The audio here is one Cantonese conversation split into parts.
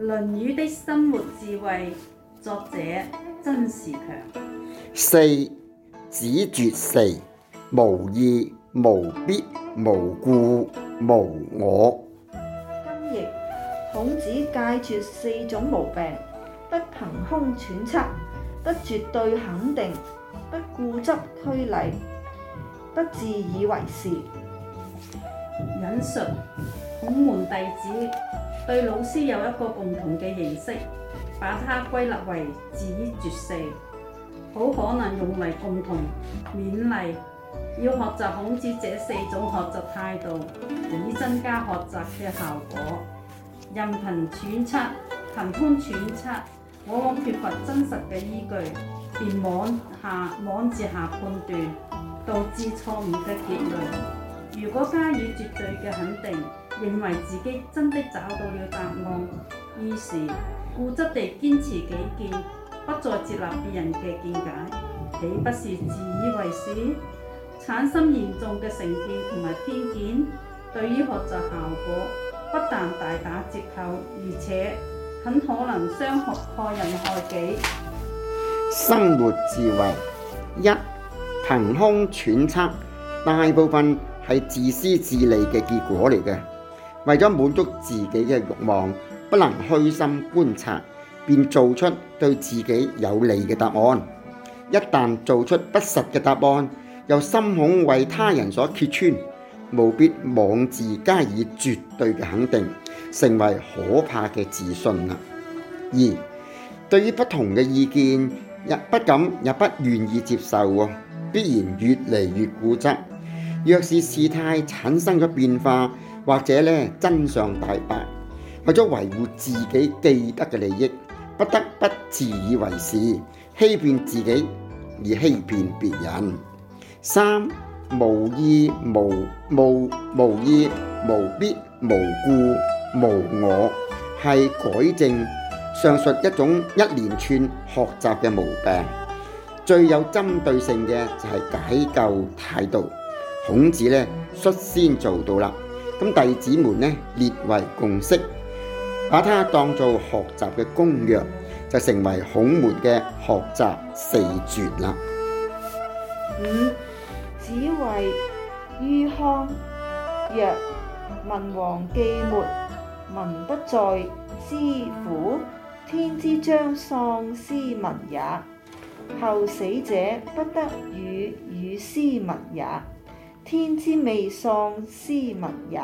《論語》的生活智慧，作者曾仕強。四，子絕四，無意無必無故無我。今譯：孔子戒絕四種毛病，不憑空揣測，不絕對肯定，不固執推理，不自以為是。引述孔門弟子。對老師有一個共同嘅認識，把它歸納為子絕四，好可能用嚟，共同勉勵。要學習孔子這四種學習態度，以增加學習嘅效果。任憑揣測，憑空揣測，往往缺乏真實嘅依據，便妄下妄自下判斷，導致錯誤嘅結論。如果加以絕對嘅肯定。認為自己真的找到了答案，於是固執地堅持己見，不再接納別人嘅見解，豈不是自以為是？產生嚴重嘅成見同埋偏見，對於學習效果不但大打折扣，而且很可能傷害，害人害己。生活智慧：一、憑空揣測，大部分係自私自利嘅結果嚟嘅。為咗滿足自己嘅慾望，不能虛心觀察，便做出對自己有利嘅答案。一旦做出不實嘅答案，又深恐為他人所揭穿，務必妄自加以絕對嘅肯定，成為可怕嘅自信啦。二，對於不同嘅意見，又不敢，又不願意接受，必然越嚟越固執。若是事態產生咗變化，或者咧真相大白，為咗維護自己既得嘅利益，不得不自以為是，欺騙自己而欺騙別人。三無意無無無意無必無固無我，係改正上述一種一連串學習嘅毛病。最有針對性嘅就係解救態度。孔子咧率先做到啦。咁弟子們呢，列為共識，把它當做學習嘅公約，就成為孔門嘅學習四絕啦。五子畏於匡，曰：文王既沒，文不在茲乎？天之將喪斯文也，後死者不得與於斯文也。天之未喪斯文也，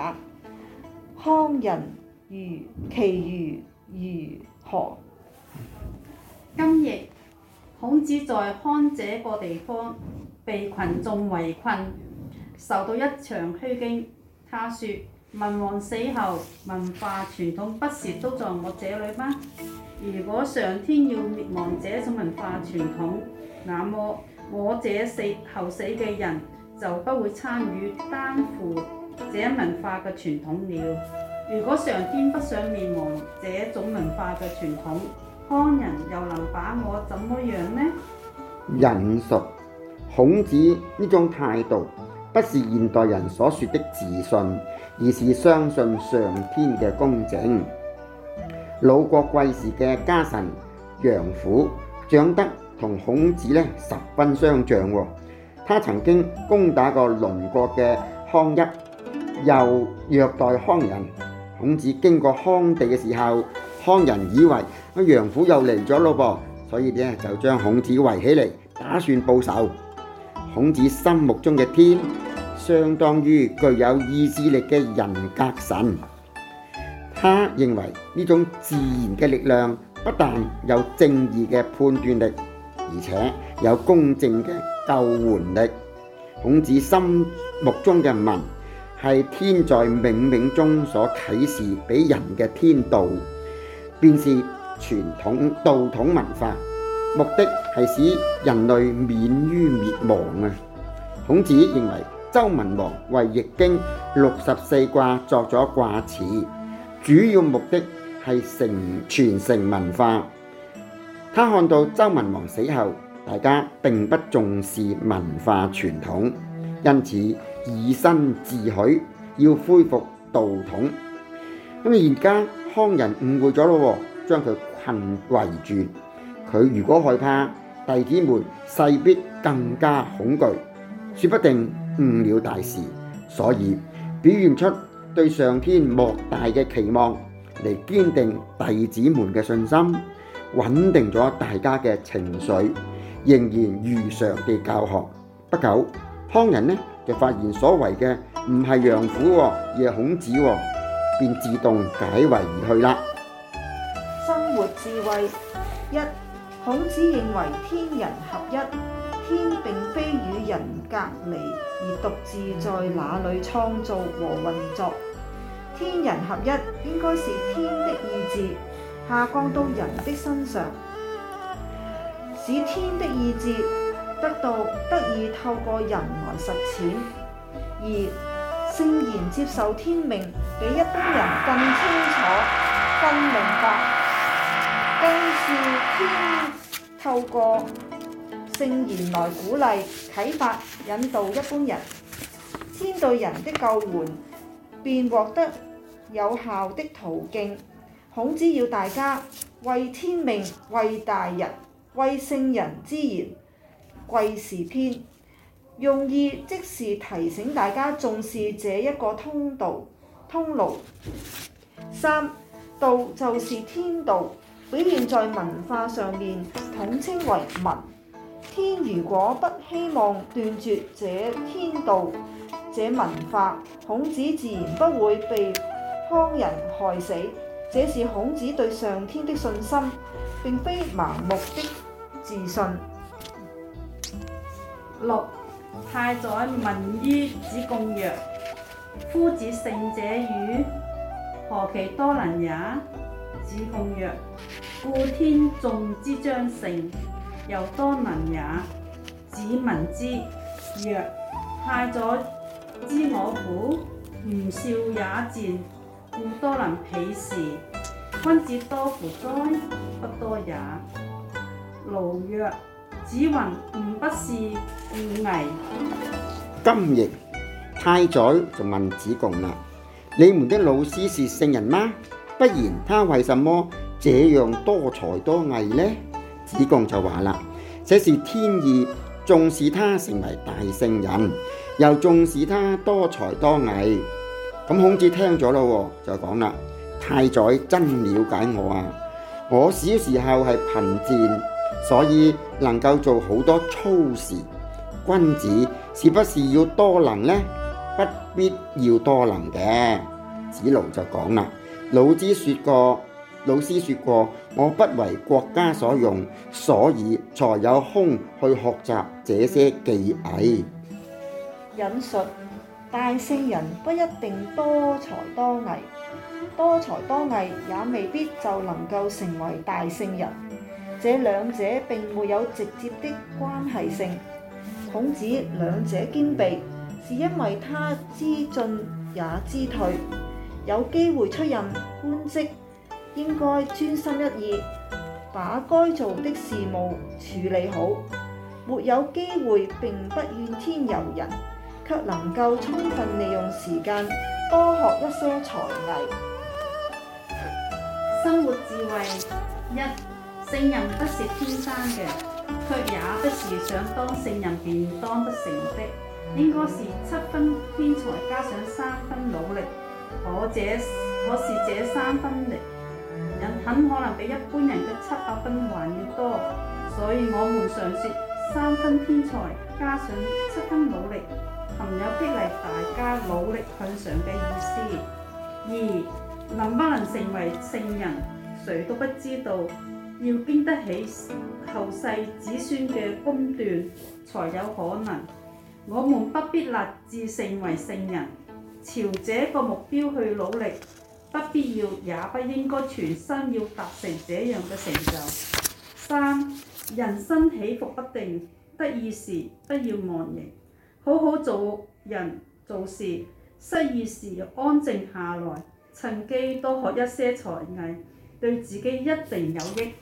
康人如其予如何？今亦孔子在康這個地方被群眾圍困，受到一場虛驚。他說：「文王死後，文化傳統不是都在我這裏嗎？如果上天要滅亡這種文化傳統，那麼我這死後死嘅人。就不會參與擔負這文化嘅傳統了。如果上天不想滅亡這種文化嘅傳統，康人又能把我怎麼樣呢？人熟，孔子呢種態度，不是現代人所說的自信，而是相信上天嘅公正。魯國貴氏嘅家臣楊虎，長得同孔子呢十分相像哦。他曾經攻打過鄰國嘅康一，又虐待康人。孔子經過康地嘅時候，康人以為阿楊虎又嚟咗咯噃，所以呢，就將孔子圍起嚟，打算報仇。孔子心目中嘅天，相當於具有意志力嘅人格神。他認為呢種自然嘅力量不但有正義嘅判斷力，而且有公正嘅救援力，孔子心目中嘅文係天在冥冥中所啟示俾人嘅天道，便是傳統道統文化，目的係使人類免於滅亡啊！孔子認為周文王為易經六十四卦作咗卦辭，主要目的係成傳承文化。他看到周文王死後，大家並不重視文化傳統，因此以身自許，要恢復道統。咁而家匡人誤會咗咯，將佢困圍住。佢如果害怕，弟子們勢必更加恐懼，說不定誤了大事。所以表現出對上天莫大嘅期望，嚟堅定弟子們嘅信心，穩定咗大家嘅情緒。仍然如常地教學，不久，匡人呢就發現所謂嘅唔係陽虎、哦，而係孔子、哦，便自動解圍而去啦。生活智慧一，孔子認為天人合一，天並非與人隔離而獨自在那裏創造和運作，天人合一應該是天的意志下降到人的身上。使天的意志得到得以透過人來實踐，而聖賢接受天命，比一般人更清楚、更明白。於是天透過聖賢來鼓勵啟發引導一般人，天對人的救援便獲得有效的途徑，孔子要大家畏天命，畏大人，為聖人之言，貴是天，用意即是提醒大家重視這一個通道、通路。三道就是天道，表現在文化上面，統稱為文。天如果不希望斷絕這天道、這文化，孔子自然不會被匡人害死。這是孔子對上天的信心，並非盲目的。自信。六，太宰問於子貢曰：夫子聖者與？何其多能也？子貢曰：故天縱之將聖，又多能也。子聞之曰：太宰知我乎？吾少也賤，故多能鄙事。君子多乎哉？不多也。牢曰：子云吾不試故藝。今日太宰就問子貢啦：你們的老師是聖人嗎？不然他為什麼這樣多才多藝呢？子貢就話啦：這是天意，重視他成為大聖人，又重視他多才多藝。咁孔子聽咗咯，就講啦：太宰真瞭解我啊！我小時候係貧賤。所以能夠做好多粗事，君子是不是要多能呢？不必要多能嘅，子路就講啦。老子說過，老師說過，我不為國家所用，所以才有空去學習這些技藝。引述大聖人不一定多才多藝，多才多藝也未必就能夠成為大聖人。這兩者並沒有直接的關係性。孔子兩者兼備，是因為他知進也知退。有機會出任官職，應該專心一意，把該做的事務處理好；沒有機會，並不怨天尤人，卻能夠充分利用時間，多學一些才藝。生活智慧一。Yeah. 聖人不是天生嘅，卻也不是想當聖人便當不成的，應該是七分天才加上三分努力。我這我是這三分力，人很可能比一般人嘅七百分還要多，所以我們常說三分天才加上七分努力，含有激勵大家努力向上嘅意思。二，能不能成為聖人，誰都不知道。要經得起後世子孫嘅公斷，才有可能。我們不必立志成為聖人，朝這個目標去努力，不必要也不應該全心要達成這樣嘅成就。三，人生起伏不定，得意時不要忘形，好好做人做事；失意時安靜下來，趁機多學一些才藝，對自己一定有益。